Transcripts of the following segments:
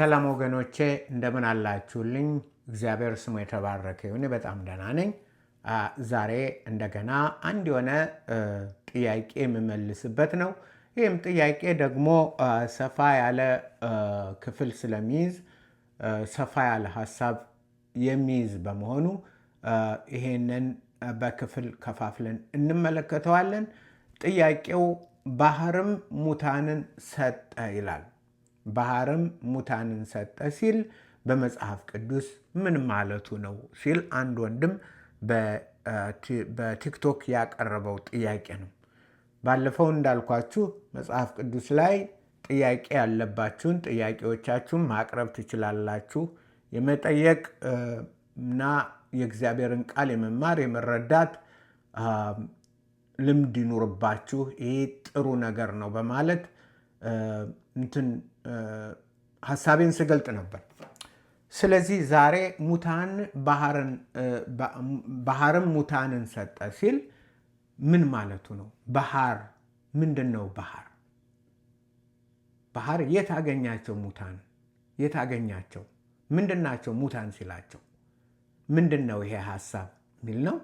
ሰላም ወገኖቼ እንደምን አላችሁልኝ? እግዚአብሔር ስሙ የተባረከ ይሁን። በጣም ደህና ነኝ። ዛሬ እንደገና አንድ የሆነ ጥያቄ የምመልስበት ነው። ይህም ጥያቄ ደግሞ ሰፋ ያለ ክፍል ስለሚይዝ ሰፋ ያለ ሀሳብ የሚይዝ በመሆኑ ይሄንን በክፍል ከፋፍለን እንመለከተዋለን። ጥያቄው ባህርም ሙታንን ሰጠ ይላል። ባህርም ሙታንን ሰጠ ሲል በመጽሐፍ ቅዱስ ምን ማለቱ ነው ሲል አንድ ወንድም በቲክቶክ ያቀረበው ጥያቄ ነው። ባለፈው እንዳልኳችሁ መጽሐፍ ቅዱስ ላይ ጥያቄ ያለባችሁን ጥያቄዎቻችሁን ማቅረብ ትችላላችሁ። የመጠየቅ እና የእግዚአብሔርን ቃል የመማር የመረዳት ልምድ ይኑርባችሁ። ይህ ጥሩ ነገር ነው በማለት እንትን ሀሳቤን ስገልጥ ነበር። ስለዚህ ዛሬ ሙታን ባህርም ሙታንን ሰጠ ሲል ምን ማለቱ ነው? ባህር ምንድን ነው? ባህር ባህር የት አገኛቸው? ሙታን የት አገኛቸው? ምንድን ናቸው? ሙታን ሲላቸው ምንድን ነው ይሄ ሀሳብ የሚል ነው።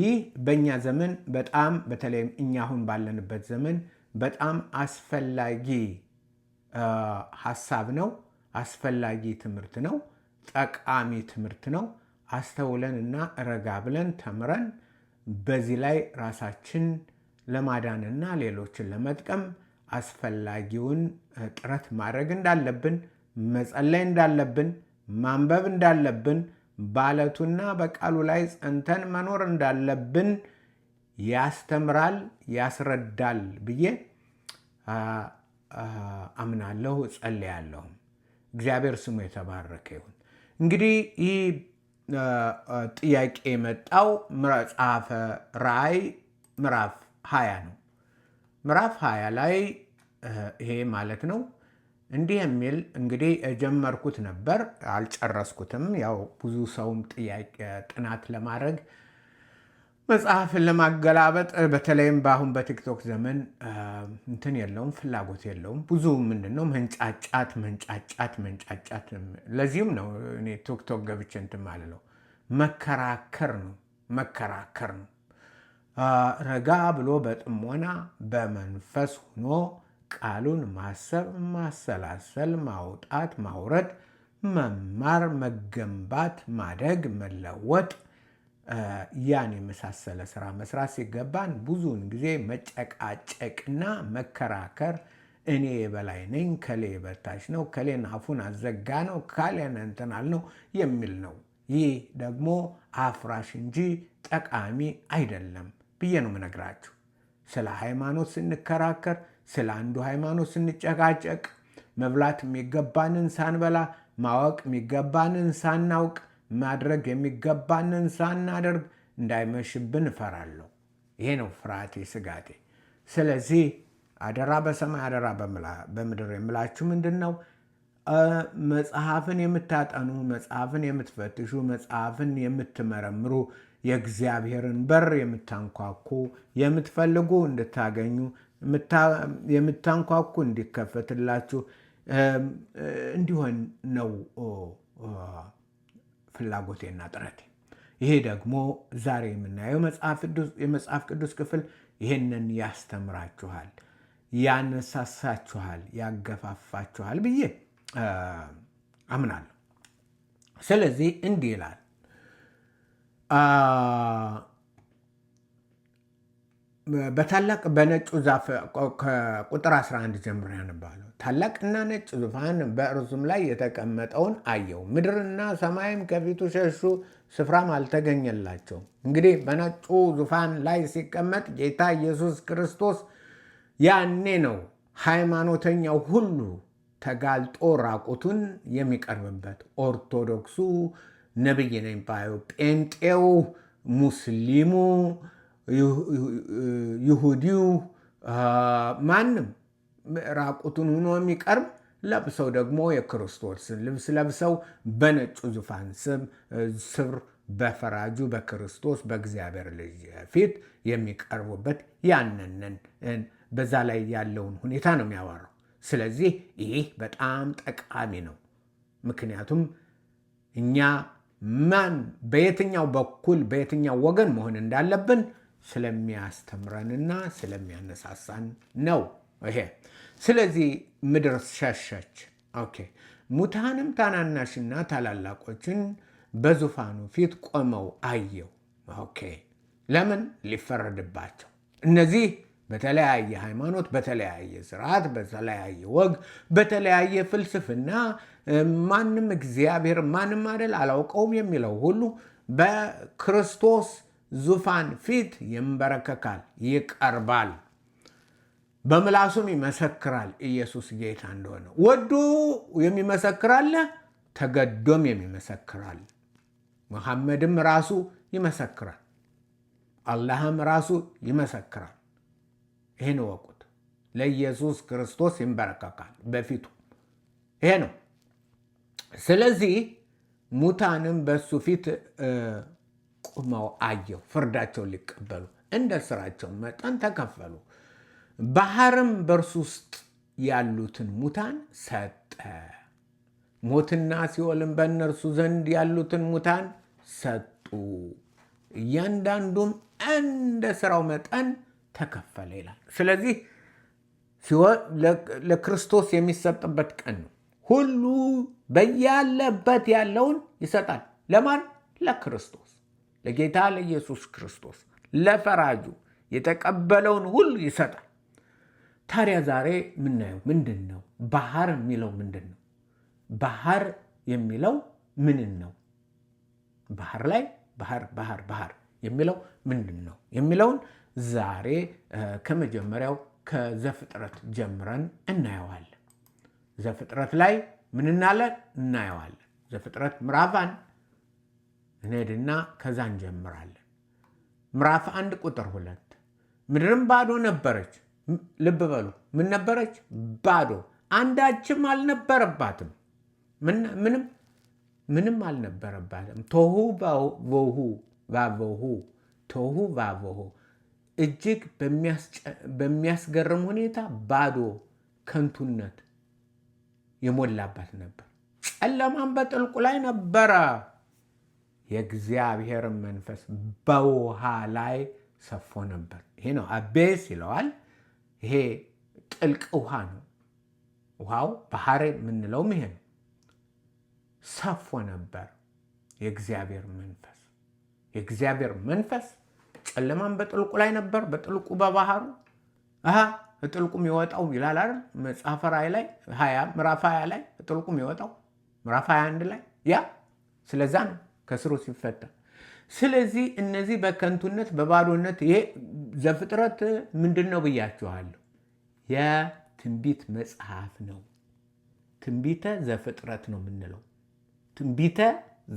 ይህ በእኛ ዘመን በጣም በተለይም እኛ አሁን ባለንበት ዘመን በጣም አስፈላጊ ሀሳብ ነው። አስፈላጊ ትምህርት ነው። ጠቃሚ ትምህርት ነው። አስተውለን እና ረጋ ብለን ተምረን በዚህ ላይ ራሳችን ለማዳንና ሌሎችን ለመጥቀም አስፈላጊውን ጥረት ማድረግ እንዳለብን፣ መጸለይ እንዳለብን፣ ማንበብ እንዳለብን፣ በአለቱና በቃሉ ላይ ጸንተን መኖር እንዳለብን ያስተምራል፣ ያስረዳል ብዬ አምናለሁ፣ እጸልያለሁ። እግዚአብሔር ስሙ የተባረከ ይሁን። እንግዲህ ይህ ጥያቄ የመጣው መጽሐፈ ራእይ ምዕራፍ ሀያ ነው። ምዕራፍ ሀያ ላይ ይሄ ማለት ነው እንዲህ የሚል እንግዲህ የጀመርኩት ነበር፣ አልጨረስኩትም። ያው ብዙ ሰውም ጥያቄ ጥናት ለማድረግ መጽሐፍን ለማገላበጥ በተለይም በአሁን በቲክቶክ ዘመን እንትን የለውም፣ ፍላጎት የለውም። ብዙ ምንድነው መንጫጫት መንጫጫት መንጫጫት። ለዚህም ነው እኔ ቲክቶክ ገብቼ እንትን ማልለው መከራከር ነው መከራከር ነው። ረጋ ብሎ በጥሞና በመንፈስ ሆኖ ቃሉን ማሰብ፣ ማሰላሰል፣ ማውጣት፣ ማውረድ፣ መማር፣ መገንባት፣ ማደግ፣ መለወጥ ያን የመሳሰለ ስራ መስራት ሲገባን ብዙውን ጊዜ መጨቃጨቅና መከራከር እኔ የበላይ ነኝ፣ ከሌ የበታች ነው፣ ከሌን አፉን አዘጋ ነው፣ ካሌን እንትናል ነው የሚል ነው። ይህ ደግሞ አፍራሽ እንጂ ጠቃሚ አይደለም ብዬ ነው ምነግራችሁ። ስለ ሃይማኖት ስንከራከር፣ ስለ አንዱ ሃይማኖት ስንጨቃጨቅ፣ መብላት የሚገባንን ሳንበላ፣ ማወቅ የሚገባንን ሳናውቅ ማድረግ የሚገባንን ሳናደርግ እንዳይመሽብን እፈራለሁ። ይሄ ነው ፍርሃቴ፣ ስጋቴ። ስለዚህ አደራ በሰማይ አደራ በምድር የምላችሁ ምንድን ነው? መጽሐፍን የምታጠኑ መጽሐፍን የምትፈትሹ መጽሐፍን የምትመረምሩ የእግዚአብሔርን በር የምታንኳኩ የምትፈልጉ እንድታገኙ የምታንኳኩ እንዲከፈትላችሁ እንዲሆን ነው ፍላጎቴና ጥረቴ። ይሄ ደግሞ ዛሬ የምናየው የመጽሐፍ ቅዱስ ክፍል ይህንን ያስተምራችኋል፣ ያነሳሳችኋል፣ ያገፋፋችኋል ብዬ አምናለሁ። ስለዚህ እንዲህ ይላል በታላቅ በነጩ ዛፍ ቁጥር 11 ጀምሮ ያነባለሁ። ታላቅና ነጭ ዙፋን በእርሱም ላይ የተቀመጠውን አየው። ምድርና ሰማይም ከፊቱ ሸሹ፣ ስፍራም አልተገኘላቸው እንግዲህ በነጩ ዙፋን ላይ ሲቀመጥ ጌታ ኢየሱስ ክርስቶስ ያኔ ነው ሃይማኖተኛው ሁሉ ተጋልጦ ራቁቱን የሚቀርብበት። ኦርቶዶክሱ፣ ነብይ ነኝ ባዩ፣ ጴንጤው፣ ሙስሊሙ ይሁዲው ማንም ራቁቱን ሆኖ የሚቀርብ ለብሰው ደግሞ የክርስቶስን ልብስ ለብሰው በነጩ ዙፋን ስር በፈራጁ በክርስቶስ በእግዚአብሔር ልጅ ፊት የሚቀርቡበት ያንንን በዛ ላይ ያለውን ሁኔታ ነው የሚያወራው። ስለዚህ ይህ በጣም ጠቃሚ ነው። ምክንያቱም እኛ ማን በየትኛው በኩል በየትኛው ወገን መሆን እንዳለብን ስለሚያስተምረንና ስለሚያነሳሳን ነው ይሄ። ስለዚህ ምድር ሸሸች። ኦኬ ሙታንም ታናናሽና ታላላቆችን በዙፋኑ ፊት ቆመው አየው። ኦኬ ለምን ሊፈረድባቸው? እነዚህ በተለያየ ሃይማኖት፣ በተለያየ ስርዓት፣ በተለያየ ወግ፣ በተለያየ ፍልስፍና ማንም እግዚአብሔር ማንም አይደል አላውቀውም የሚለው ሁሉ በክርስቶስ ዙፋን ፊት ይንበረከካል፣ ይቀርባል፣ በምላሱም ይመሰክራል ኢየሱስ ጌታ እንደሆነ። ወዶ የሚመሰክራለ ተገዶም የሚመሰክራል። መሐመድም ራሱ ይመሰክራል፣ አላህም ራሱ ይመሰክራል። ይህን ወቁት። ለኢየሱስ ክርስቶስ ይንበረከካል በፊቱ። ይሄ ነው። ስለዚህ ሙታንም በሱ ፊት ቁመው አየው ፍርዳቸውን ሊቀበሉ እንደ ስራቸው መጠን ተከፈሉ። ባህርም በእርሱ ውስጥ ያሉትን ሙታን ሰጠ። ሞትና ሲኦልም በእነርሱ ዘንድ ያሉትን ሙታን ሰጡ። እያንዳንዱም እንደ ስራው መጠን ተከፈለ ይላል። ስለዚህ ለክርስቶስ የሚሰጥበት ቀን ነው። ሁሉ በያለበት ያለውን ይሰጣል። ለማን? ለክርስቶስ ለጌታ ለኢየሱስ ክርስቶስ ለፈራጁ የተቀበለውን ሁሉ ይሰጣል። ታዲያ ዛሬ የምናየው ምንድን ነው? ባህር የሚለው ምንድን ነው? ባህር የሚለው ምንን ነው? ባህር ላይ ባህር ባህር ባህር የሚለው ምንድን ነው የሚለውን ዛሬ ከመጀመሪያው ከዘፍጥረት ጀምረን እናየዋለን። ዘፍጥረት ላይ ምን እናለን? እናየዋለን። ዘፍጥረት ምዕራፍ አንድ እንሄድና ከዛ እንጀምራለን። ምዕራፍ አንድ ቁጥር ሁለት ምድርም ባዶ ነበረች። ልብ በሉ ምን ነበረች? ባዶ፣ አንዳችም አልነበረባትም። ምንም ምንም አልነበረባትም። ቶሁ ቦሁ ቫቦሁ ቶሁ ቫቦሁ እጅግ በሚያስገርም ሁኔታ ባዶ ከንቱነት የሞላባት ነበር። ጨለማም በጥልቁ ላይ ነበረ። የእግዚአብሔር መንፈስ በውሃ ላይ ሰፎ ነበር። ይሄ ነው አቤስ ይለዋል። ይሄ ጥልቅ ውሃ ነው። ውሃው ባህር የምንለውም ይሄ ነው። ሰፎ ነበር የእግዚአብሔር መንፈስ። የእግዚአብሔር መንፈስ ጨለማም በጥልቁ ላይ ነበር፣ በጥልቁ በባህሩ ጥልቁ ይወጣው ይላል አይደል? መጽሐፈ ራዕይ ላይ ምዕራፍ ሀያ ላይ ጥልቁም ይወጣው ምዕራፍ አንድ ላይ ያ ስለዛ ነው ከስሩ ሲፈታ። ስለዚህ እነዚህ በከንቱነት በባዶነት ይሄ ዘፍጥረት ምንድን ነው ብያችኋለሁ። የትንቢት መጽሐፍ ነው። ትንቢተ ዘፍጥረት ነው የምንለው። ትንቢተ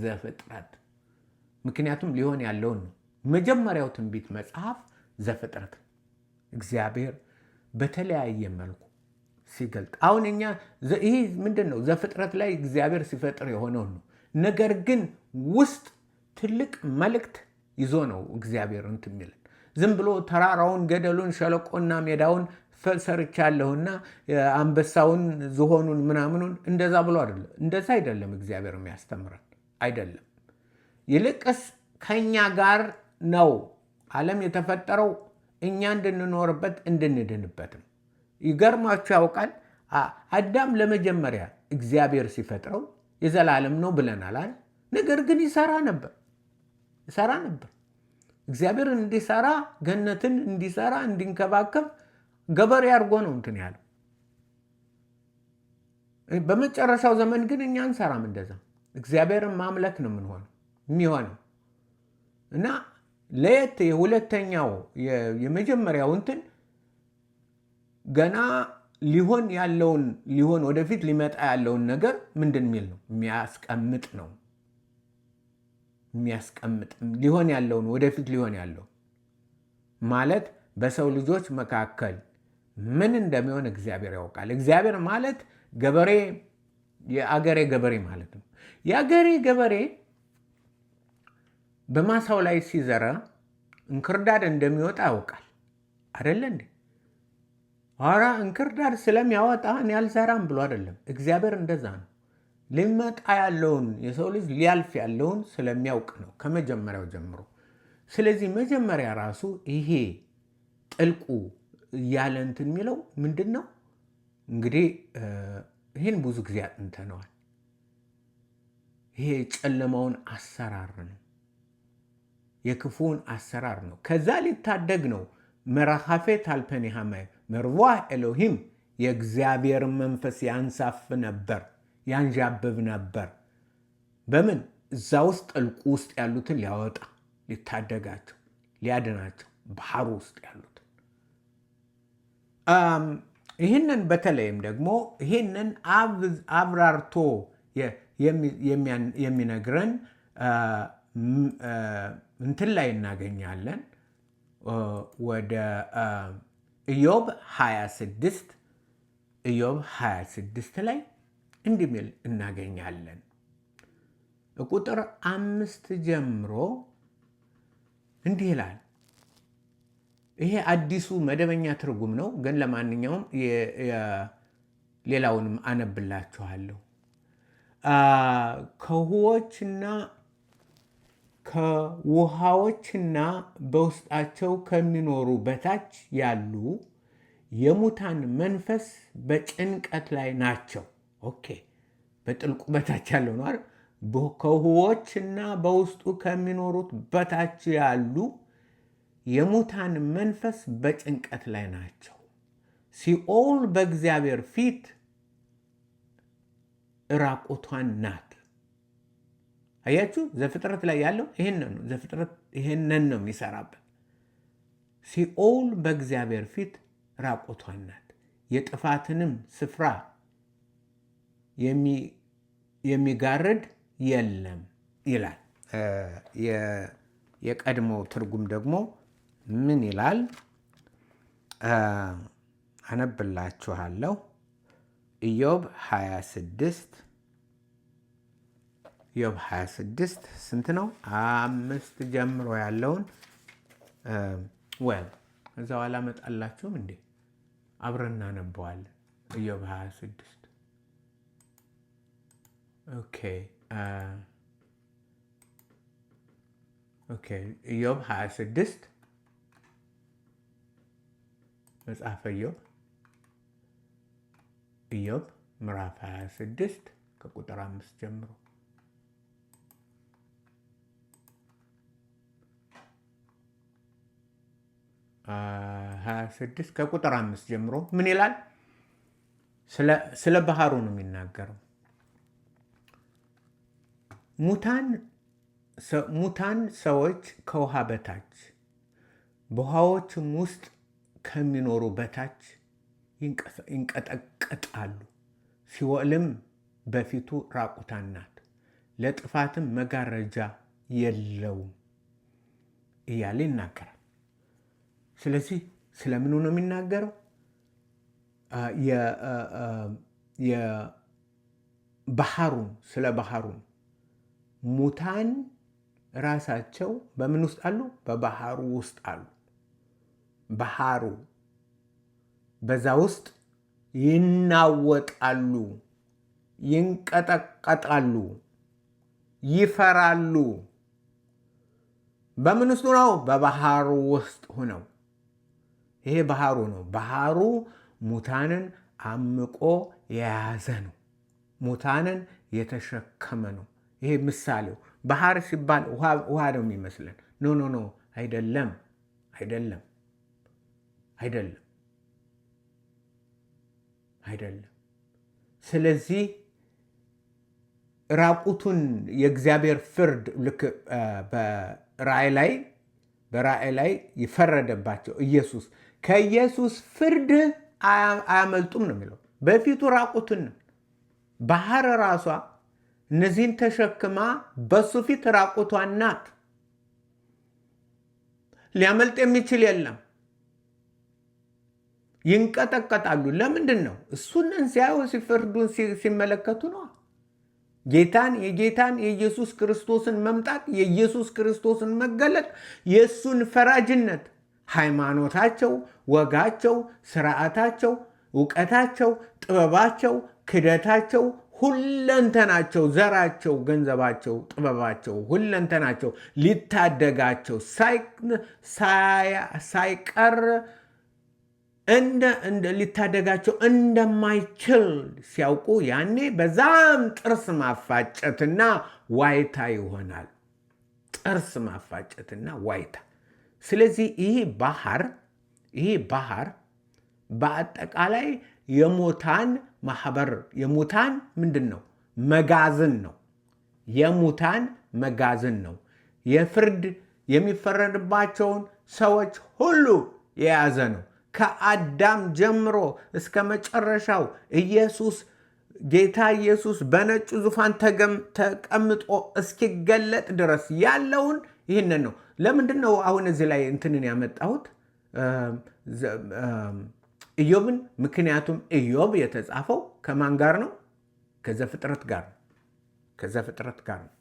ዘፍጥረት ምክንያቱም ሊሆን ያለውን ነው። መጀመሪያው ትንቢት መጽሐፍ ዘፍጥረት እግዚአብሔር በተለያየ መልኩ ሲገልጥ አሁን እኛ ይህ ምንድን ነው? ዘፍጥረት ላይ እግዚአብሔር ሲፈጥር የሆነውን ነው። ነገር ግን ውስጥ ትልቅ መልእክት ይዞ ነው እግዚአብሔር እንትን የሚለን። ዝም ብሎ ተራራውን፣ ገደሉን፣ ሸለቆና ሜዳውን ሰርቻለሁና አንበሳውን፣ ዝሆኑን፣ ምናምኑን እንደዛ ብሎ አይደለም። እንደዛ አይደለም እግዚአብሔር የሚያስተምረን አይደለም። ይልቅስ ከእኛ ጋር ነው ዓለም የተፈጠረው እኛ እንድንኖርበት እንድንድንበትም። ይገርማችሁ ያውቃል አዳም ለመጀመሪያ እግዚአብሔር ሲፈጥረው የዘላለም ነው ብለናል። ነገር ግን ይሰራ ነበር ይሰራ ነበር። እግዚአብሔር እንዲሰራ ገነትን እንዲሰራ እንዲንከባከብ ገበሬ አድርጎ ነው እንትን ያለው። በመጨረሻው ዘመን ግን እኛ አንሰራም እንደዛ። እግዚአብሔርን ማምለክ ነው የምንሆነው የሚሆነው እና ለየት የሁለተኛው የመጀመሪያው እንትን ገና ሊሆን ያለውን ሊሆን ወደፊት ሊመጣ ያለውን ነገር ምንድን የሚል ነው የሚያስቀምጥ ነው የሚያስቀምጥ ሊሆን ያለውን ወደፊት ሊሆን ያለው ማለት በሰው ልጆች መካከል ምን እንደሚሆን እግዚአብሔር ያውቃል። እግዚአብሔር ማለት ገበሬ የአገሬ ገበሬ ማለት ነው። የአገሬ ገበሬ በማሳው ላይ ሲዘራ እንክርዳድ እንደሚወጣ ያውቃል። አደለ እንዴ? አራ እንክርዳድ ስለሚያወጣ እኔ አልሰራም ብሎ አይደለም። እግዚአብሔር እንደዛ ነው። ሊመጣ ያለውን የሰው ልጅ ሊያልፍ ያለውን ስለሚያውቅ ነው ከመጀመሪያው ጀምሮ። ስለዚህ መጀመሪያ ራሱ ይሄ ጥልቁ እያለ እንትን የሚለው ምንድን ነው እንግዲህ ይህን ብዙ ጊዜ አጥንተነዋል። ይሄ ጨለማውን አሰራር ነው፣ የክፉውን አሰራር ነው። ከዛ ሊታደግ ነው መራካፌ ታልፐኒሃመ ምርዋህ ኤሎሂም የእግዚአብሔር መንፈስ ያንሳፍ ነበር፣ ያንዣብብ ነበር። በምን እዛ ውስጥ ጥልቁ ውስጥ ያሉትን ሊያወጣ ሊታደጋቸው፣ ሊያድናቸው ባህሩ ውስጥ ያሉትን ይህንን በተለይም ደግሞ ይህንን አብራርቶ የሚነግረን እንትን ላይ እናገኛለን ወደ ኢዮብ 26 ኢዮብ 26 ላይ እንዲህ ሚል እናገኛለን። ቁጥር አምስት ጀምሮ እንዲህ ይላል። ይሄ አዲሱ መደበኛ ትርጉም ነው፣ ግን ለማንኛውም ሌላውንም አነብላችኋለሁ። ከውኆችና ከውሃዎችና በውስጣቸው ከሚኖሩ በታች ያሉ የሙታን መንፈስ በጭንቀት ላይ ናቸው። ኦኬ፣ በጥልቁ በታች ያለው ነው አይደል? በውስጡ ከሚኖሩት በታች ያሉ የሙታን መንፈስ በጭንቀት ላይ ናቸው። ሲኦል በእግዚአብሔር ፊት ራቁቷን ናት። አያችሁ፣ ዘፍጥረት ላይ ያለው ይሄንን ነው። ዘፍጥረት ይሄንን ነው የሚሰራበት። ሲኦል በእግዚአብሔር ፊት ራቆቷን ናት፣ የጥፋትንም ስፍራ የሚጋርድ የለም ይላል። የቀድሞ ትርጉም ደግሞ ምን ይላል? አነብላችኋለሁ። ኢዮብ 26 ኢዮብ 26 ስንት ነው? አምስት ጀምሮ ያለውን ወይም እዛ ኋላ መጣላችሁም እንዴ? አብረን እናነበዋለን። ኢዮብ 26 ኦኬ ኦኬ ኢዮብ 26 መጽሐፈ ኢዮብ ኢዮብ ምዕራፍ 26 ከቁጥር አምስት ጀምሮ 26 ከቁጥር አምስት ጀምሮ ምን ይላል? ስለ ባህሩ ነው የሚናገረው። ሙታን ሰዎች ከውሃ በታች በውሃዎችም ውስጥ ከሚኖሩ በታች ይንቀጠቀጣሉ። ሲወልም በፊቱ ራቁታን ናት፣ ለጥፋትም መጋረጃ የለውም እያለ ይናገራል። ስለዚህ ስለምኑ ነው የሚናገረው? ባህሩን ስለ ባህሩን ሙታን ራሳቸው በምን ውስጥ አሉ? በባህሩ ውስጥ አሉ። ባህሩ በዛ ውስጥ ይናወጣሉ፣ ይንቀጠቀጣሉ፣ ይፈራሉ። በምን ውስጥ ነው? በባህሩ ውስጥ ሆነው ይሄ ባህሩ ነው። ባህሩ ሙታንን አምቆ የያዘ ነው። ሙታንን የተሸከመ ነው። ይሄ ምሳሌው ባህር ሲባል ውሃ ነው የሚመስለን። ኖ ኖ ኖ፣ አይደለም፣ አይደለም፣ አይደለም፣ አይደለም። ስለዚህ ራቁቱን የእግዚአብሔር ፍርድ ልክ በራእይ ላይ በራእይ ላይ ይፈረደባቸው ኢየሱስ ከኢየሱስ ፍርድ አያመልጡም ነው የሚለው። በፊቱ ራቁትን ባህር ራሷ እነዚህን ተሸክማ በሱ ፊት ራቁቷናት ናት። ሊያመልጥ የሚችል የለም። ይንቀጠቀጣሉ። ለምንድን ነው? እሱንን ሲያዩ ሲፍርዱን ሲመለከቱ ነው። ጌታን የጌታን የኢየሱስ ክርስቶስን መምጣት የኢየሱስ ክርስቶስን መገለጥ የእሱን ፈራጅነት ሃይማኖታቸው፣ ወጋቸው፣ ስርዓታቸው፣ እውቀታቸው፣ ጥበባቸው፣ ክደታቸው፣ ሁለንተናቸው፣ ዘራቸው፣ ገንዘባቸው፣ ጥበባቸው፣ ሁለንተናቸው ሊታደጋቸው ሳይቀር ሊታደጋቸው እንደማይችል ሲያውቁ ያኔ በዛም ጥርስ ማፋጨትና ዋይታ ይሆናል። ጥርስ ማፋጨትና ዋይታ ስለዚህ ይህ ባህር ይህ ባህር በአጠቃላይ የሙታን ማህበር የሙታን ምንድን ነው? መጋዘን ነው። የሙታን መጋዘን ነው። የፍርድ የሚፈረድባቸውን ሰዎች ሁሉ የያዘ ነው። ከአዳም ጀምሮ እስከ መጨረሻው ኢየሱስ ጌታ ኢየሱስ በነጩ ዙፋን ተቀምጦ እስኪገለጥ ድረስ ያለውን ይህንን ነው። ለምንድን ነው አሁን እዚህ ላይ እንትንን ያመጣሁት ኢዮብን? ምክንያቱም ኢዮብ የተጻፈው ከማን ጋር ነው? ከዘፍጥረት ጋር ነው። ከዘፍጥረት ጋር ነው።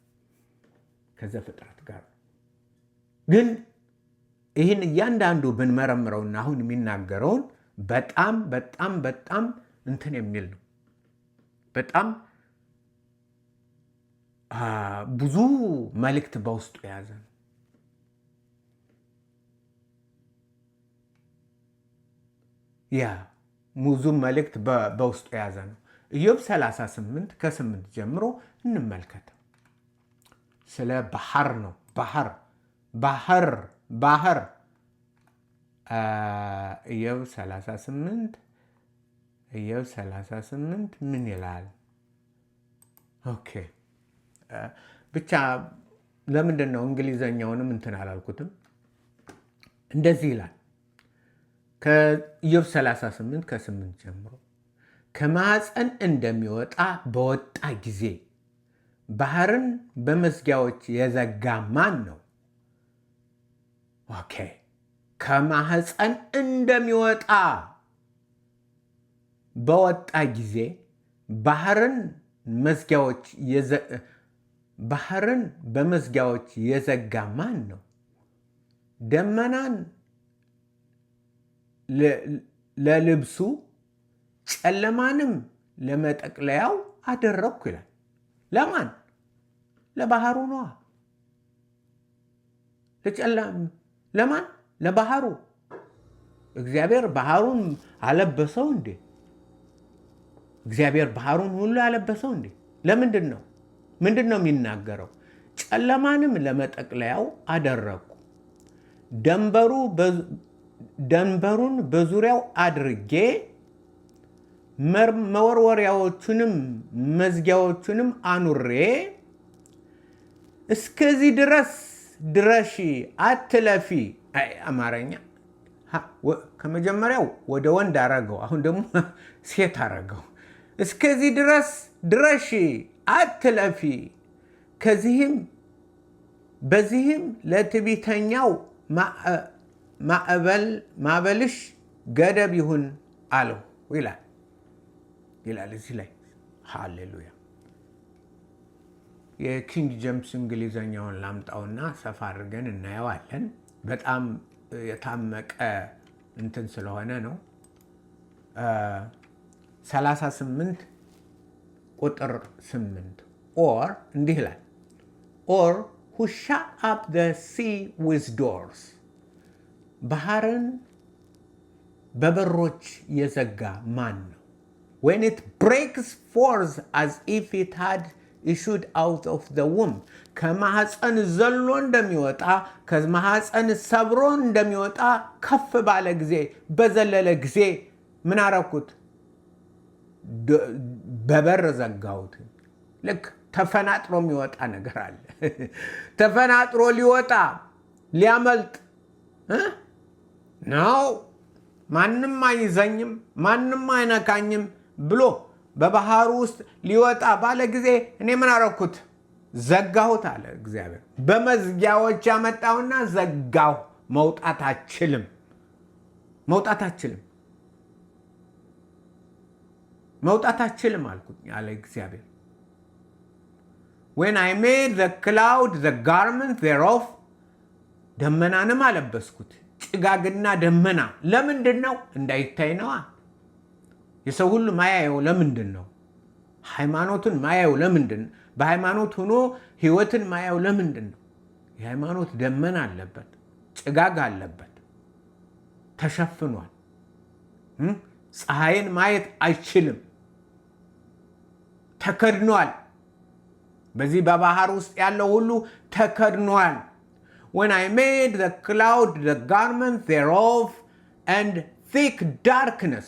ከዘፍጥረት ጋር ነው። ግን ይህን እያንዳንዱ ብንመረምረውና አሁን የሚናገረውን በጣም በጣም በጣም እንትን የሚል ነው። በጣም ብዙ መልእክት በውስጡ የያዘ ነው። ያ ሙዙም መልእክት በውስጡ የያዘ ነው። ኢዮብ 38 ከ8 ጀምሮ እንመልከት። ስለ ባህር ነው። ባህር ባህር ባህር ኢዮብ 38 ኢዮብ 38 ምን ይላል? ኦኬ ብቻ ለምንድን ነው እንግሊዘኛውንም እንትን አላልኩትም። እንደዚህ ይላል ከኢዮብ 38 ከ8 ጀምሮ ከማዕፀን እንደሚወጣ በወጣ ጊዜ ባህርን በመዝጊያዎች የዘጋ ማን ነው? ኦኬ ከማህፀን እንደሚወጣ በወጣ ጊዜ ባህርን መዝጊያዎች ባህርን በመዝጊያዎች የዘጋ ማን ነው? ደመናን ለልብሱ ጨለማንም ለመጠቅለያው አደረግኩ ይላል። ለማን? ለባህሩ ነዋ። ለማን? ለባህሩ። እግዚአብሔር ባህሩን አለበሰው እንዴ? እግዚአብሔር ባህሩን ሁሉ ያለበሰው እንዴ? ለምንድን ነው? ምንድን ነው የሚናገረው? ጨለማንም ለመጠቅለያው አደረግኩ፣ ደንበሩ ደንበሩን በዙሪያው አድርጌ መወርወሪያዎቹንም መዝጊያዎቹንም አኑሬ እስከዚህ ድረስ ድረሺ አትለፊ። አማርኛ ከመጀመሪያው ወደ ወንድ አረገው፣ አሁን ደግሞ ሴት አረገው። እስከዚህ ድረስ ድረሺ አትለፊ። ከዚህም በዚህም ለትቢተኛው ማዕበልሽ ገደብ ይሁን አለው ይላል ይላል እዚህ ላይ ሃሌሉያ። የኪንግ ጀምስ እንግሊዘኛውን ላምጣውና ሰፋ አድርገን እናየዋለን። በጣም የታመቀ እንትን ስለሆነ ነው። 38 ቁጥር 8 ኦር እንዲህ ይላል ኦር ሁ shut up the sea with ባህርን በበሮች የዘጋ ማን ነው? ዌን ኢት ብሬክስ ፎርዝ አዝ ኢፍ ኢት ሃድ ኢሹድ አውት ኦፍ ዘ ውም ከማህፀን ዘሎ እንደሚወጣ ከማህፀን ሰብሮ እንደሚወጣ ከፍ ባለ ጊዜ በዘለለ ጊዜ ምን አረኩት? በበር ዘጋሁት። ልክ ተፈናጥሮ የሚወጣ ነገር አለ። ተፈናጥሮ ሊወጣ ሊያመልጥ ነው ማንም አይዘኝም፣ ማንም አይነካኝም ብሎ በባህሩ ውስጥ ሊወጣ ባለ ጊዜ እኔ ምን አረኩት? ዘጋሁት አለ እግዚአብሔር። በመዝጊያዎች ያመጣውና ዘጋሁ። መውጣት አችልም፣ መውጣት አችልም፣ መውጣት አችልም አልኩት አለ እግዚአብሔር። ወን አይ ሜድ ዘ ክላውድ ዘ ጋርመንት ዜሮፍ ደመናንም አለበስኩት ጭጋግና ደመና ለምንድን ነው? እንዳይታይ ነዋ። የሰው ሁሉ ማያየው ለምንድን ነው? ሃይማኖትን ማያየው ለምንድን ነው? በሃይማኖት ሆኖ ህይወትን ማያየው ለምንድን ነው? የሃይማኖት ደመና አለበት፣ ጭጋግ አለበት፣ ተሸፍኗል። ፀሐይን ማየት አይችልም፣ ተከድኗል። በዚህ በባህር ውስጥ ያለው ሁሉ ተከድኗል። when I made the cloud the garment thereof and thick darkness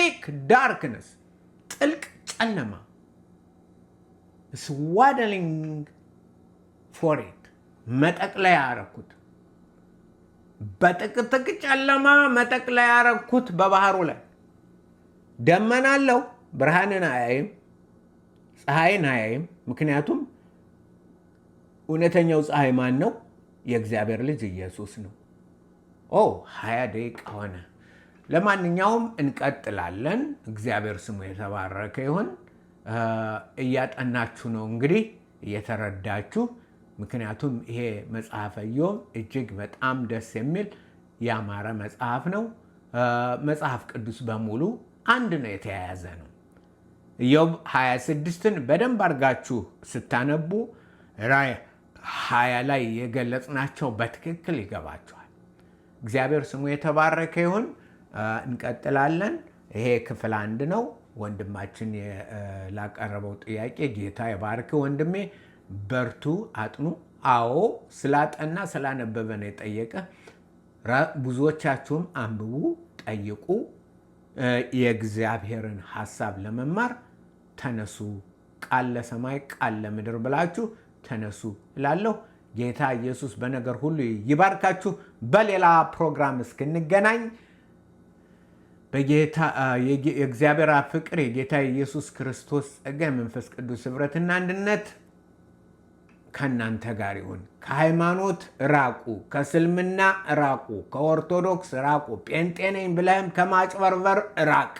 thick darkness swaddling for it መጠቅለያ አረኩት። በጥቅጥቅ ጨለማ መጠቅለያ አረኩት። በባህሩ ላይ ደመና አለው፣ ብርሃንን አያይም፣ ፀሐይን አያይም። ምክንያቱም እውነተኛው ፀሐይ ማን ነው? የእግዚአብሔር ልጅ ኢየሱስ ነው። ኦ ሀያ ደቂቃ ሆነ። ለማንኛውም እንቀጥላለን። እግዚአብሔር ስሙ የተባረከ ይሁን። እያጠናችሁ ነው እንግዲህ እየተረዳችሁ ምክንያቱም ይሄ መጽሐፈ ኢዮብ እጅግ በጣም ደስ የሚል ያማረ መጽሐፍ ነው። መጽሐፍ ቅዱስ በሙሉ አንድ ነው፣ የተያያዘ ነው። ኢዮብ 26ን በደንብ አድርጋችሁ ስታነቡ ራይ ሀያ ላይ የገለጽናቸው በትክክል ይገባቸዋል። እግዚአብሔር ስሙ የተባረከ ይሁን። እንቀጥላለን። ይሄ ክፍል አንድ ነው። ወንድማችን ላቀረበው ጥያቄ ጌታ የባርክ ወንድሜ። በርቱ፣ አጥኑ። አዎ ስላጠና ስላነበበ ነው የጠየቀ። ብዙዎቻችሁም አንብቡ፣ ጠይቁ። የእግዚአብሔርን ሀሳብ ለመማር ተነሱ። ቃል ለሰማይ ቃል ለምድር ብላችሁ ተነሱ እላለሁ። ጌታ ኢየሱስ በነገር ሁሉ ይባርካችሁ። በሌላ ፕሮግራም እስክንገናኝ የእግዚአብሔር ፍቅር የጌታ ኢየሱስ ክርስቶስ ጸጋ የመንፈስ ቅዱስ ኅብረትና አንድነት ከእናንተ ጋር ይሁን። ከሃይማኖት ራቁ፣ ከእስልምና ራቁ፣ ከኦርቶዶክስ ራቁ። ጴንጤ ነኝ ብለህም ከማጭበርበር ራቅ።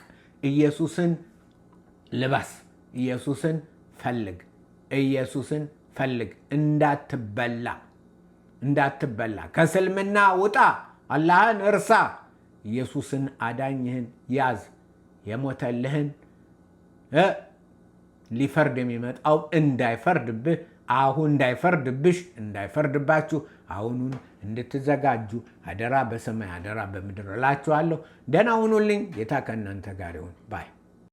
ኢየሱስን ልበስ፣ ኢየሱስን ፈልግ፣ ኢየሱስን ፈልግ እንዳትበላ እንዳትበላ ከእስልምና ውጣ፣ አላህን እርሳ፣ ኢየሱስን አዳኝህን ያዝ። የሞተልህን ሊፈርድ የሚመጣው እንዳይፈርድብህ አሁን እንዳይፈርድብሽ እንዳይፈርድባችሁ አሁኑን እንድትዘጋጁ አደራ በሰማይ አደራ በምድር እላችኋለሁ። ደህና ሁኑልኝ። ጌታ ከእናንተ ጋር ይሁን ባይ